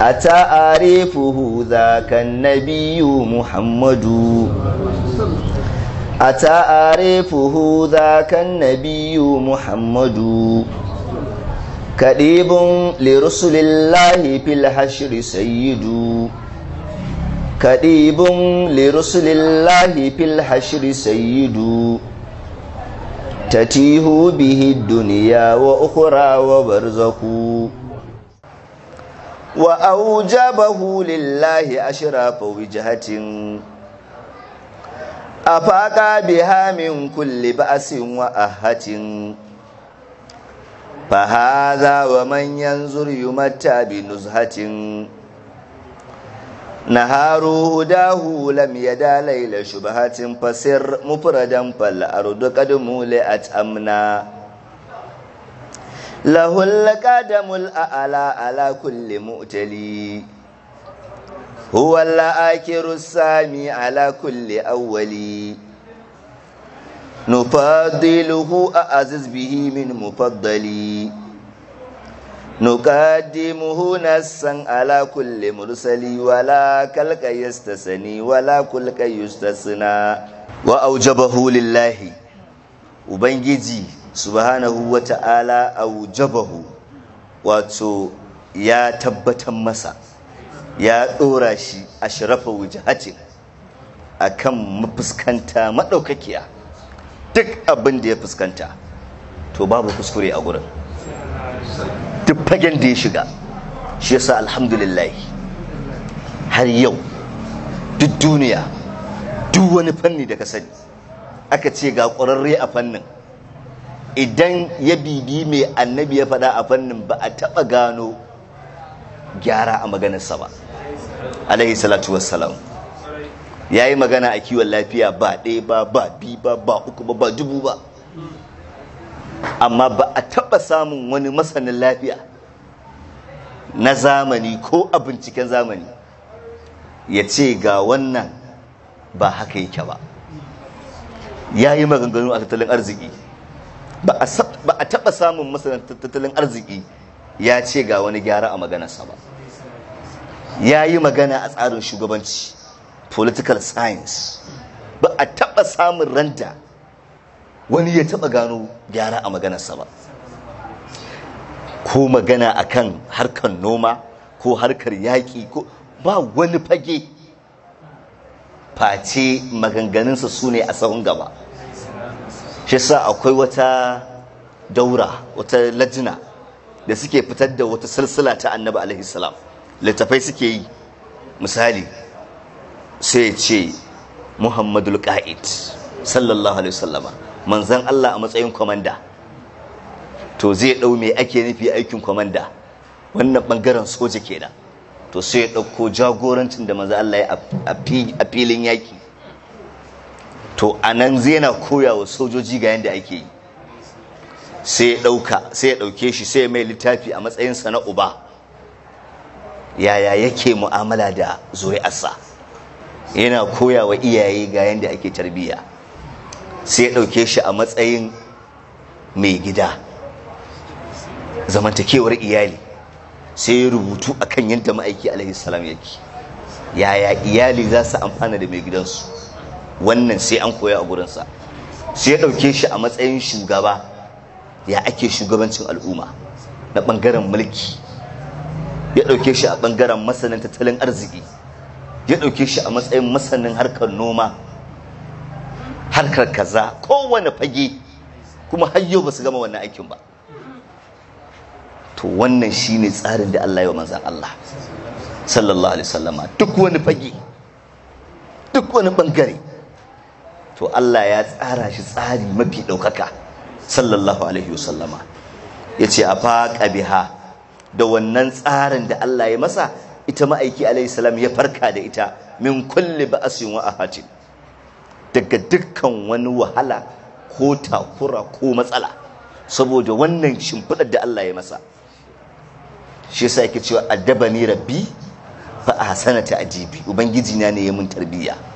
أتعرفه ذاك النبي محمد أتعرفه ذاك النبي محمد كريب لرسل الله في الحشر سيد كريب لرسل الله في الحشر سيد تتيه به الدنيا وأخرى وبرزقوا wa aujabahu lillahi ashrafa wajhatin afaqa biha min kulli ba'sin wa ahatin fahadha wa man yanzur yumatta bi nuzhatin naharu hudahu lam yada layla shubhatin fasir mufradan fal ardu qad mulat amna lahun laƙadamul a'ala ala kulli mutali huwan la'akirus sami ala kulli awwali nufadiluhu a aziz bihi min mufaddali nukadimuhu nassan ala kulle mursali wala kalka yastasani wala kulka yustasina wa aujabahu lillahi ubangiji subhanahu wa ta'ala aujabahu wato ya tabbatar masa ya ɗora shi a sharafa wujahatin a kan mafuskanta maɗaukakiya duk abin da ya fuskanta to babu kuskure a gurin duk fagen da ya shiga shi yasa alhamdulillah har yau duk duniya duk wani fanni da ka sani aka ce ga ƙwararre a fannin idan ya bibi mai annabi ya faɗa a fannin ba a taɓa gano gyara a maganarsa ba alaihi salatu wassalam ya yi magana a kiwon lafiya ba ɗaya ba ba bi ba ba uku ba ba dubu ba amma ba a taɓa samun wani masanin lafiya na zamani ko a binciken zamani ya ce ga wannan ba haka yake ba ya yi maganganu a tattalin arziki ba a taɓa samun masana tattalin arziki ya ce ga wani gyara a maganarsa ba ya yi magana a tsarin shugabanci political science ba a taɓa samun randa wani ya taɓa gano gyara a maganarsa ba ko magana a kan harkar noma ko harkar yaƙi ko ba wani fage face maganganunsa su ne a sahun gaba shi sa akwai wata daura wata lajina da suke fitar da wata silsila ta annabi alaihi salam littafai suke yi misali sai ce muhammadu qa'id sallallahu alaihi wasallama manzon Allah a matsayin kwamanda, to zai dau me ake nufi aikin kwamanda? wannan bangaren soja kenan to sai ya dauko jagorancin da manzon Allah ya a filin yaki to a nan zai yana koya wa sojoji ga yadda ake yi sai ya ɗauka sai ya ɗauke shi sai ya mai littafi a matsayin na uba yaya yake mu'amala da zuri'arsa yana koya wa iyaye ga yadda ake tarbiyya sai ya ɗauke shi a matsayin mai gida zamantakewar iyali sai ya rubutu akan yadda ma'aiki alaihi salam yake yaya iyali za su amfana da mai gidansu wannan sai an koya a gurinsa sai ya ɗauke shi a matsayin shugaba ya ake shugabancin al'umma na ɓangaren mulki ya ɗauke shi a ɓangaren masanin tattalin arziki ya ɗauke shi a matsayin masanin harkar noma harkar kaza kowane fage kuma har yau ba su gama wannan aikin ba to wannan shine tsarin da Allah ya manzan Allah sallallahu alaihi wasallama duk wani fage duk wani bangare to Allah ya tsara shi tsari mafi ɗaukaka sallallahu alaihi wasallama ya ce a faƙa biha da wannan tsarin da Allah ya masa ita ma'aiki alaihi salam ya farka da ita min kulli ba'asin wa ahatin daga dukkan wani wahala ko takura ko matsala saboda wannan shimfiɗar da Allah ya masa shi yasa yake cewa ni rabbi fa ahsana ajibi ubangiji na ne ya mun tarbiyya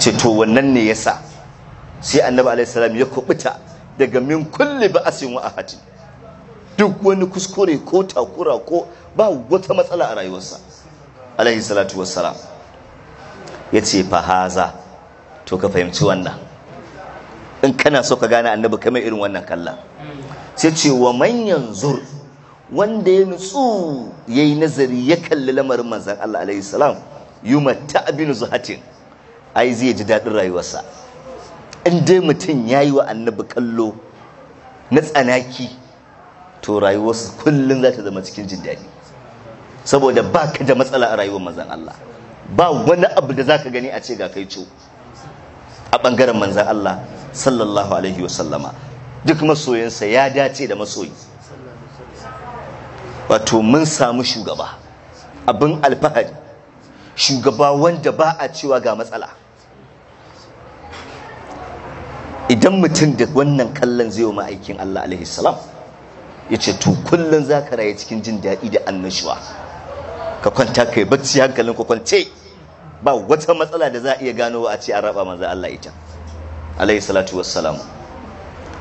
ce to wannan ne sa sai annaba alaihi salam ya kubuta daga min kulli ba'asin wa hati duk wani kuskure ko takura ko ba wata matsala a rayuwarsa alaihi salatu wassalam ya ce fahaza to ka fahimci wannan in kana so ka gane annabi kamar irin wannan kalla sai ce wa manyan zur wanda ya nutsu ya yi nazari ya kalli lamarin manzan Allah alaihi salam yuma zahatin. zuhatin ai zai ji dadin rayuwarsa in dai mutum ya yi wa annabi kallo na tsanaki to rayuwarsa kullum za ta zama cikin jin daɗi saboda ba ka da matsala a rayuwar manzan Allah ba wani abu da za ka gani a ce ga kai co a bangaren manzan Allah sallallahu alaihi wasallama duk masoyinsa ya dace da masoyi wato mun samu shugaba abin alfahari shugaba wanda ba a cewa ga matsala idan mutum da wannan kallon zai yi ma'aikin Allah alaihi salam ya ce to kullum za ka raye cikin jin daɗi da annashuwa ka kwanta ka yi bacci hankalin ka kwance ba wata matsala da za a iya gano a ce an raba manzo Allah ita alaihi salatu wassalam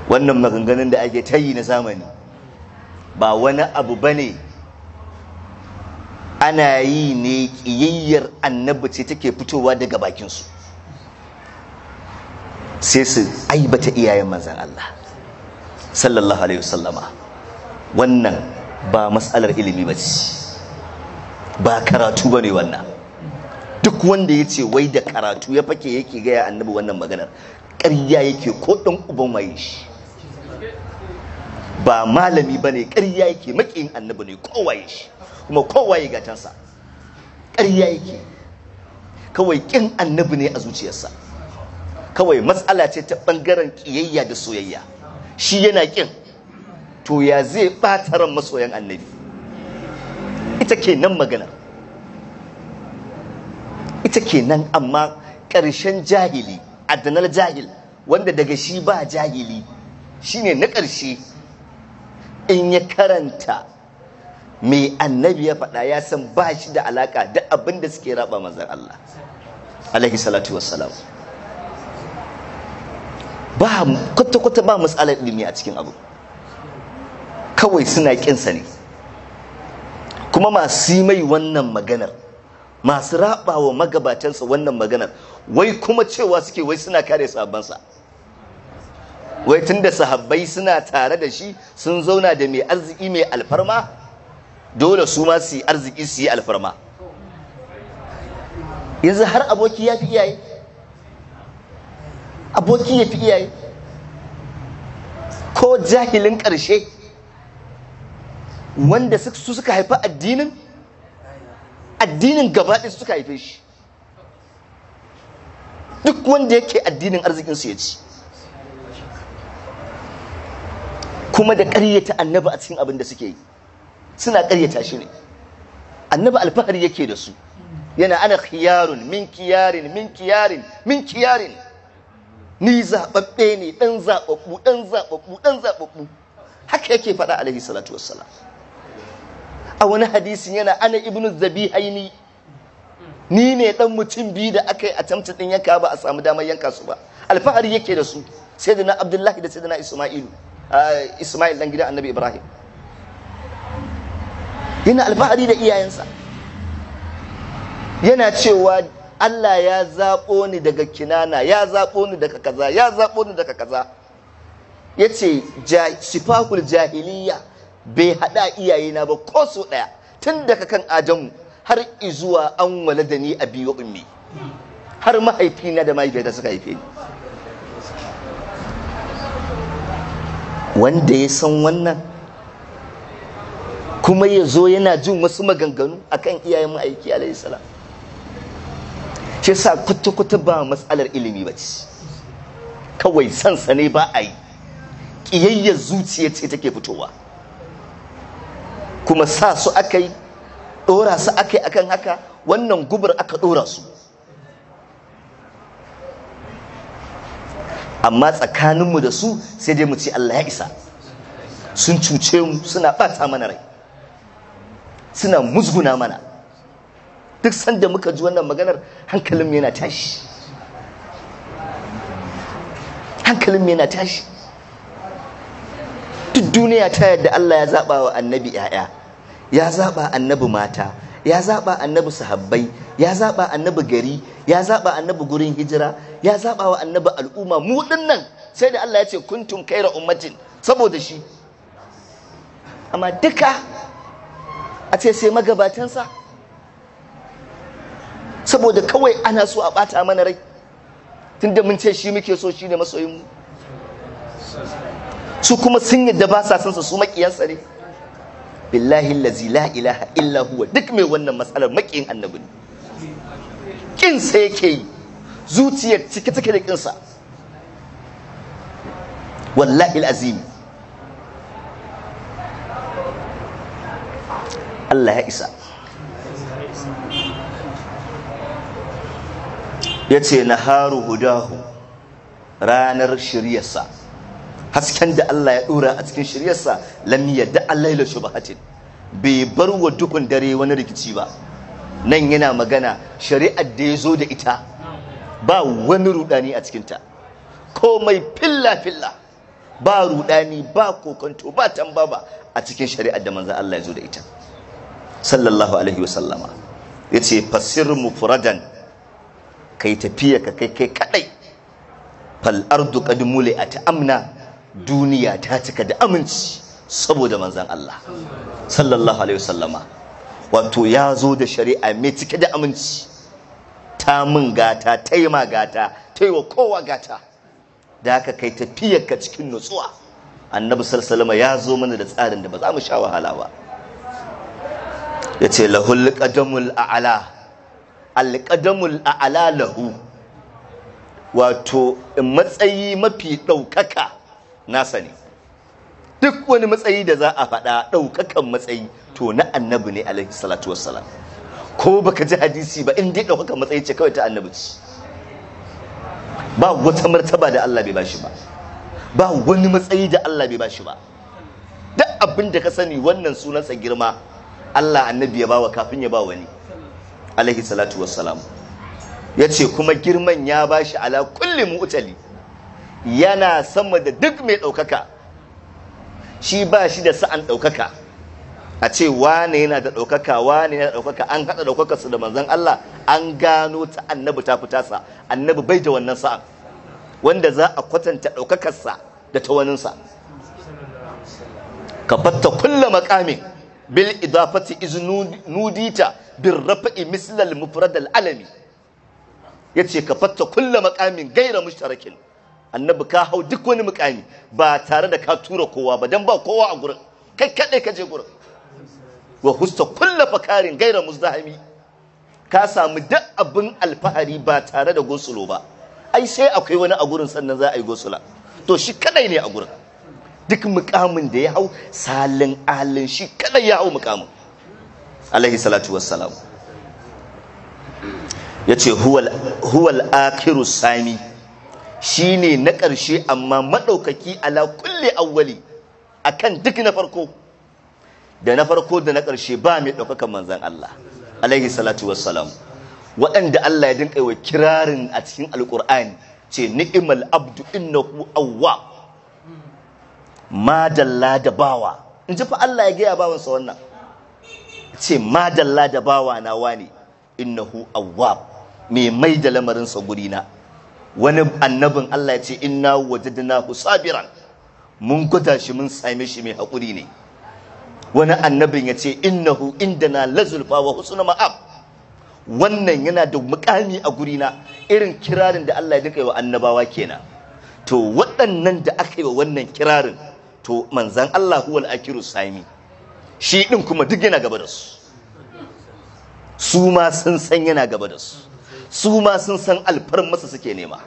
wannan maganganun da ake ta yi na zamani ba wani abu ba ne. ana yi ne ƙiyayyar annabi ce take fitowa daga bakinsu sai su aibata iyayen manzan Allah sallallahu alaihi wasallama wannan ba matsalar ilimi ba ce ba karatu ba ne wannan duk wanda ya ce wai da karatu ya fake yake gaya annabi wannan maganar ƙarya yake ko ɗan uban waye shi ba malami ba ne ƙarya yake maƙiyin annabi ne kowaye shi kuma kowaye gatansa ƙarya yake kawai ƙin annabi ne a zuciyarsa kawai matsala ce ta ɓangaren ƙiyayya da soyayya shi yana ƙin to ya zai ɓata ran masoyan annabi ita ke nan magana ita ke nan amma ƙarshen jahili addanar jahil wanda daga shi ba jahili shine na ƙarshe in ya karanta mai annabi ya faɗa ya san ba shi da alaƙa da abinda suke raba manzan Allah alaihi salatu ba kwata-kwata ba matsalar ilimi a cikin abu kawai suna kinsa ne kuma masu mai wannan maganar masu wa magabatansa wannan maganar wai kuma cewa suke wai suna kare sahabbansa wai tun da sahabbai suna tare da shi sun zauna da mai arziki mai alfarma dole su ma su yi arziki su yi alfarma yanzu har aboki ya fi iyaye aboki ya fi iyaye ko jahilin ƙarshe wanda su suka haifa addinin addinin gabaɗe suka haife shi duk wanda yake addinin arzikinsu ya ci kuma da ƙaryata annaba a cikin abin da suke yi suna ƙaryata shi ne annaba alfahari yake da su yana ana kiyarin min kiyarin min kiyarin min kiyarin ni zaɓaɓɓe ne ɗan zaɓaɓɓu ɗan zaɓaɓɓu ɗan zaɓaɓɓu haka yake faɗa alaihi salatu wassalam a wani hadisin yana ana ibnu Zabi haini ni ne ɗan mutum biyu da aka yi a tamta ɗin yanka ba a samu damar yanka su ba alfahari yake da su sai da na abdullahi da sai da na isma'ilu isma'il ɗan gida annabi ibrahim yana alfahari da iyayensa yana cewa Allah ya zaɓo ni daga kinana ya zaɓo ni daga kaza ya zaɓo ni daga kaza ya ce shifakul jahiliya bai haɗa iyayena ba ko so ɗaya tun daga kan adamu har izuwa an wale da ni a biyu ummi har mahaifina da mahaifiyata suka haife ni wanda ya san wannan kuma ya zo yana jin wasu maganganu akan iyayen ma'aiki alaihi salam shi sa kwata-kwata ba matsalar ilimi ba ce kawai sansane ba a yi ƙiyayyar zuciya ce take fitowa kuma sa su aka yi ɗora su aka yi akan haka wannan gubar aka ɗora su amma tsakaninmu da su sai dai mu ce Allah ya isa sun cuce mu suna ɓata mana rai suna musguna mana duk sanda muka ji wannan maganar hankalinmu yana tashi hankalinmu yana tashi duk duniya ta yadda Allah ya zaba wa annabi ‘ya'ya ya zaba annabi mata ya zaba annabi sahabbai ya zaba annabi gari ya zaba annabi gurin hijira ya zaba wa annabi al'umma mu nan sai da Allah ya ce kai kaira ummatin saboda shi amma duka a ce sai magabatansa saboda kawai ana so a bata mana rai tunda mun ce shi muke so shi ne masoyin mu su kuma sun yadda ba sa son su makiyansa ne billahi allazi la ilaha illa huwa duk mai wannan matsalar makiyin annabi ne kin sai yake yi zuciyar cike take da kinsa wallahi alazim Allah ya isa ya ce haru hudahu ranar shiryarsa hasken da Allah ya ɗora a cikin shiryarsa lam yadda Allah ila bai bar wa dukun dare wani rikici ba nan yana magana shari'ar da ya zo da ita ba wani rudani a cikinta komai filla-filla ba rudani ba kokonto ba tambaba a cikin shari'ar da manzan Allah ya zo da ita sallallahu alaihi wasallama ya ce fasir mufradan kai tafiya ka kai kai kadai fal ardu qad muli'at amna duniya ta cika da aminci saboda manzon Allah sallallahu alaihi wasallama wato ya zo da shari'a mai cike da aminci ta mun gata ta yi ma gata ta yi wa kowa gata da ka kai tafiyar ka cikin nutsuwa annabi sallallahu ya zo mana da tsarin da ba za mu sha wahala ba yace lahul qadamul a'la alƙadamul a'lalahu wato matsayi mafi ɗaukaka nasa ne duk wani matsayi da za a faɗa ɗaukakan matsayi to na annabi ne alaihi salatu wassalam ko baka ji hadisi ba in dai ɗaukakan matsayi ce kawai ta annabi ce ba wata martaba da Allah bai bashi ba ba wani matsayi da Allah bai bashi ba duk abin da ka sani wannan sunansa girma Allah annabi ya bawa kafin ya ba wani alaihi salatu wassalam ya ce kuma girman ya ba shi ala kulli mu'tali yana sama da duk mai ɗaukaka shi ba shi da sa'an ɗaukaka a ce wane yana da ɗaukaka wane yana da ɗaukaka an haɗa ɗaukaka su da manzan Allah an gano ta annabi ta fita sa annabi bai da wannan sa'an wanda za a kwatanta ɗaukakarsa da ta waninsa ka fatta kulla makamin. bil idafati iznudita nudita rafa'i misl al alami yace ka fatta kullu maqamin gaira mushtarakin annabi ka hau duk wani mukami ba tare da ka tura kowa ba dan ba kowa a gurin kai kadai ka je gurin wa husta kullu fakarin gaira muzdahimi ka samu duk abin alfahari ba tare da gosulo ba ai sai akwai wani a gurin sannan za a yi gosula to shi kadai ne a gurin duk mukamin da ya hau salin alin shi kada ya hau mukamin alaihi salatu wassalam ya ce huwal akiru sami shi ne na ƙarshe amma maɗaukaki ala kulle awwali kan duk na farko da na farko da na ƙarshe ba mai ɗaukakan manzan Allah alaihi salatu wassalam waɗanda Allah ya dinka wa kirarin a cikin alƙur'ani ce ni'imal abdu innahu awwab madalla da bawa in ji fa Allah ya gaya bawansa wannan ce madalla da bawa na wani innahu awwab mai mai da lamarinsa gurina. na wani annabin Allah ya ce inna wajadnahu sabiran mun kuta shi mun same shi mai haƙuri ne wani annabin ya ce innahu indana lazulfa wa husna ma'ab wannan yana da mukami a gurina irin kirarin da Allah ya dinka yi wa annabawa kenan to waɗannan da aka yi wa wannan kirarin to manzan Allah huwal akiru sami shi din kuma duk yana gaba da su su ma sun san yana gaba da su su ma sun san alfarmasa suke nema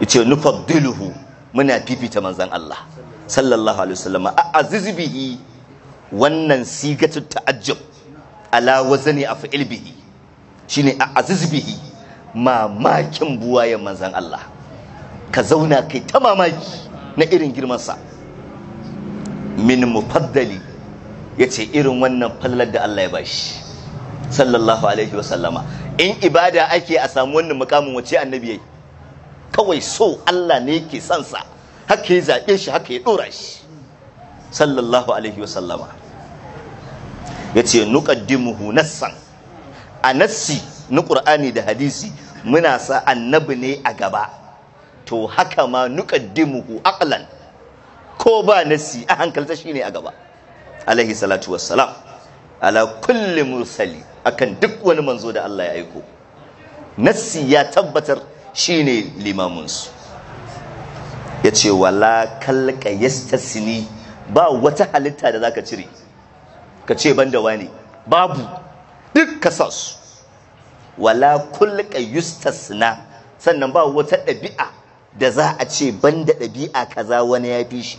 yace nufaddiluhu muna fifita manzan Allah sallallahu alaihi wasallam a bihi wannan sigatu ta'ajjub ala wazani af'il bihi shine a bihi mamakin buwayen manzan Allah ka zauna kai ta mamaki na irin girmansa min mufaddali ya ce irin wannan fallar da Allah ya bashi sallallahu alaihi wasallama in ibada ake a samu wannan mukamin wace annabi yayi kawai so Allah ne yake son sa haka ya zaɓe shi haka ya ɗora shi sallallahu alaihi wasallama ya ce nuqaddimuhu nassan a nassi na ƙur'ani da hadisi muna sa annabi ne a gaba to haka ma nuqaddimuhu aqlan ko ba nasi a hankalta shine a gaba alaihi salatu wassalam ala kulli mursali akan duk wani manzo da Allah ya aiko nassi ya tabbatar shine limaminsu ya ce wala kalka yastasini ba wata halitta da zaka cire ka ce banda wani babu duk kasas wala kulka yustasna sannan ba wata ɗabi'a da za a ce ban da ɗabi'a kaza wani ya fi shi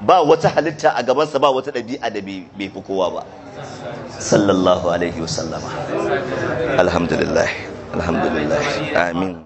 ba wata halitta a gabansa ba wata ɗabi'a da bai fi kowa ba sallallahu alaihi wasallama alhamdulillah alhamdulillah amin